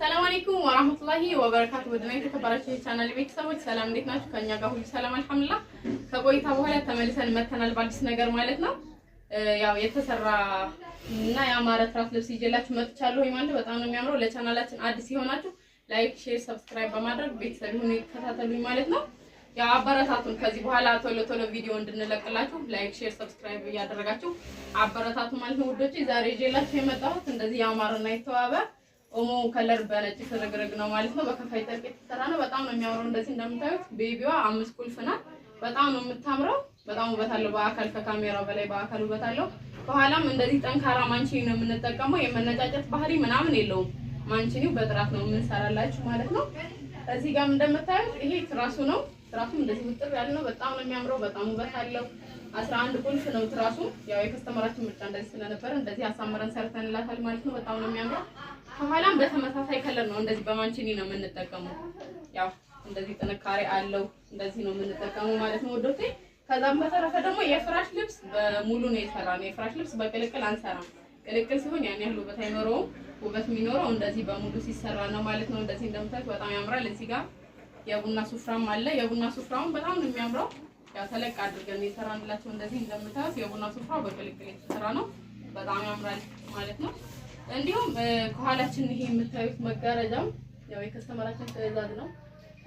ሰላም አለይኩም ወራህመቱላሂ ወበረካቱ። ወደና የተከበራችሁ የቻናል ቤተሰቦች ሰላም እንዴት ናችሁ? ከኛ ጋር ሁሉ ሰላም አልሐምዱሊላህ። ከቆይታ በኋላ ተመልሰን መተናል በአዲስ ነገር ማለት ነው። ያው የተሰራ እና ያማረ ትራስ ልብስ ይዤላችሁ መጥቻለሁ። ወይ በጣም ነው የሚያምረው። ለቻናላችን አዲስ የሆናችሁ ላይክ፣ ሼር፣ ሰብስክራይብ በማድረግ ቤተሰብ ሁኑ ይከታተሉኝ ማለት ነው። ያው አበረታቱን። ከዚህ በኋላ ቶሎ ቶሎ ቪዲዮ እንድንለቅላችሁ ላይክ፣ ሼር፣ ሰብስክራይብ እያደረጋችሁ አበረታቱ ማለት ነው ውዶቼ። ዛሬ ይዤላችሁ የመጣሁት እንደዚህ ያማረና የተዋበ ኦሞ ከለር በነጭ ፍርግርግ ነው ማለት ነው። በከፋይ ጨርቅ የተሰራ ነው። በጣም ነው የሚያምረው። እንደዚህ እንደምታዩት ቤቢዋ አምስት ቁልፍ ናት። በጣም ነው የምታምረው። በጣም ውበት አለው። በአካል ከካሜራው በላይ በአካል ውበት አለው። በኋላም እንደዚህ ጠንካራ ማንቺኒ ነው የምንጠቀመው። የመነጫጨት ባህሪ ምናምን የለውም። ማንቺኒው በጥራት ነው የምንሰራላችሁ ማለት ነው። እዚህ ጋር እንደምታዩት ይሄ ትራሱ ነው። ትራሱ እንደዚህ ውጥር ያለ ነው። በጣም ነው የሚያምረው። በጣም ውበት አለው። አስራ አንድ ቁልፍ ነው ትራሱ። ያው የከስተመራችን ምርጫ እንደዚህ ስለነበረ እንደዚህ አሳምረን ሰርተንላታል ማለት ነው። በጣም ነው የሚያምረው። ከኋላም በተመሳሳይ ከለር ነው። እንደዚህ በማንቺኒ ነው የምንጠቀመው። ያው እንደዚህ ጥንካሬ አለው። እንደዚህ ነው የምንጠቀመው ማለት ነው ወዶቴ። ከዛም በተረፈ ደግሞ የፍራሽ ልብስ በሙሉ ነው የሰራ ነው። የፍራሽ ልብስ በቅልቅል አንሰራም። ቅልቅል ሲሆን ያን ያህል ውበት አይኖረውም። ውበት የሚኖረው እንደዚህ በሙሉ ሲሰራ ነው ማለት ነው። እንደዚህ እንደምታዩት በጣም ያምራል። እዚህ ጋር የቡና ሱፍራም አለ። የቡና ሱፍራውን በጣም ነው የሚያምረው። ያው ተለቅ አድርገን የሰራንላቸው እንደዚህ እንደምታዩት የቡና ሱፍራው በቅልቅል የተሰራ ነው። በጣም ያምራል ማለት ነው። እንዲሁም ከኋላችን ይሄ የምታዩት መጋረጃም ያው የከስተመራችን ትዕዛዝ ነው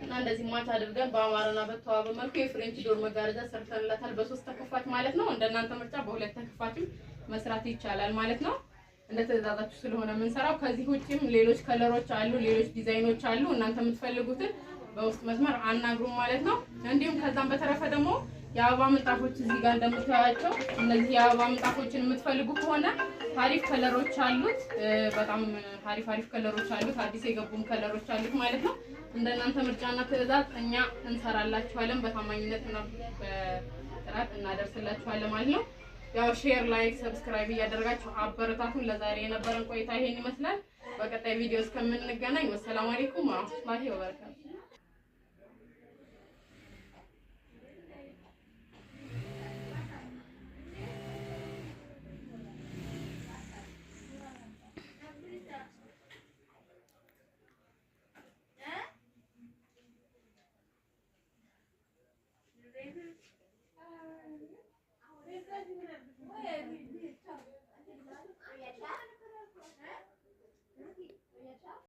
እና እንደዚህ ማች አድርገን በአማረና በተዋበ መልኩ የፍሬንች ዶር መጋረጃ ሰርተንላታል። በሶስት ተከፋች ማለት ነው። እንደናንተ ምርጫ በሁለት ተከፋችም መስራት ይቻላል ማለት ነው። እንደ ትዕዛዛችሁ ስለሆነ የምንሰራው። ከዚህ ውጭም ሌሎች ከለሮች አሉ፣ ሌሎች ዲዛይኖች አሉ። እናንተ የምትፈልጉትን በውስጥ መስመር አናግሩም ማለት ነው። እንዲሁም ከዛም በተረፈ ደግሞ የአበባ ምንጣፎች እዚህ ጋር እንደምታያቸው እነዚህ የአበባ ምንጣፎችን የምትፈልጉ ከሆነ አሪፍ ከለሮች አሉት። በጣም አሪፍ አሪፍ ከለሮች አሉት። አዲስ የገቡም ከለሮች አሉት ማለት ነው። እንደናንተ ምርጫና ትዕዛዝ እኛ እንሰራላችኋለን። በታማኝነት እና በጥራት እናደርስላችኋለን ማለት ነው። ያው ሼር፣ ላይክ፣ ሰብስክራይብ እያደረጋችሁ አበረታቱን። ለዛሬ የነበረን ቆይታ ይሄን ይመስላል። በቀጣይ ቪዲዮ እስከምንገናኝ ወሰላም አለይኩም ወራህመቱላሂ ወበረካቱ። 我也对。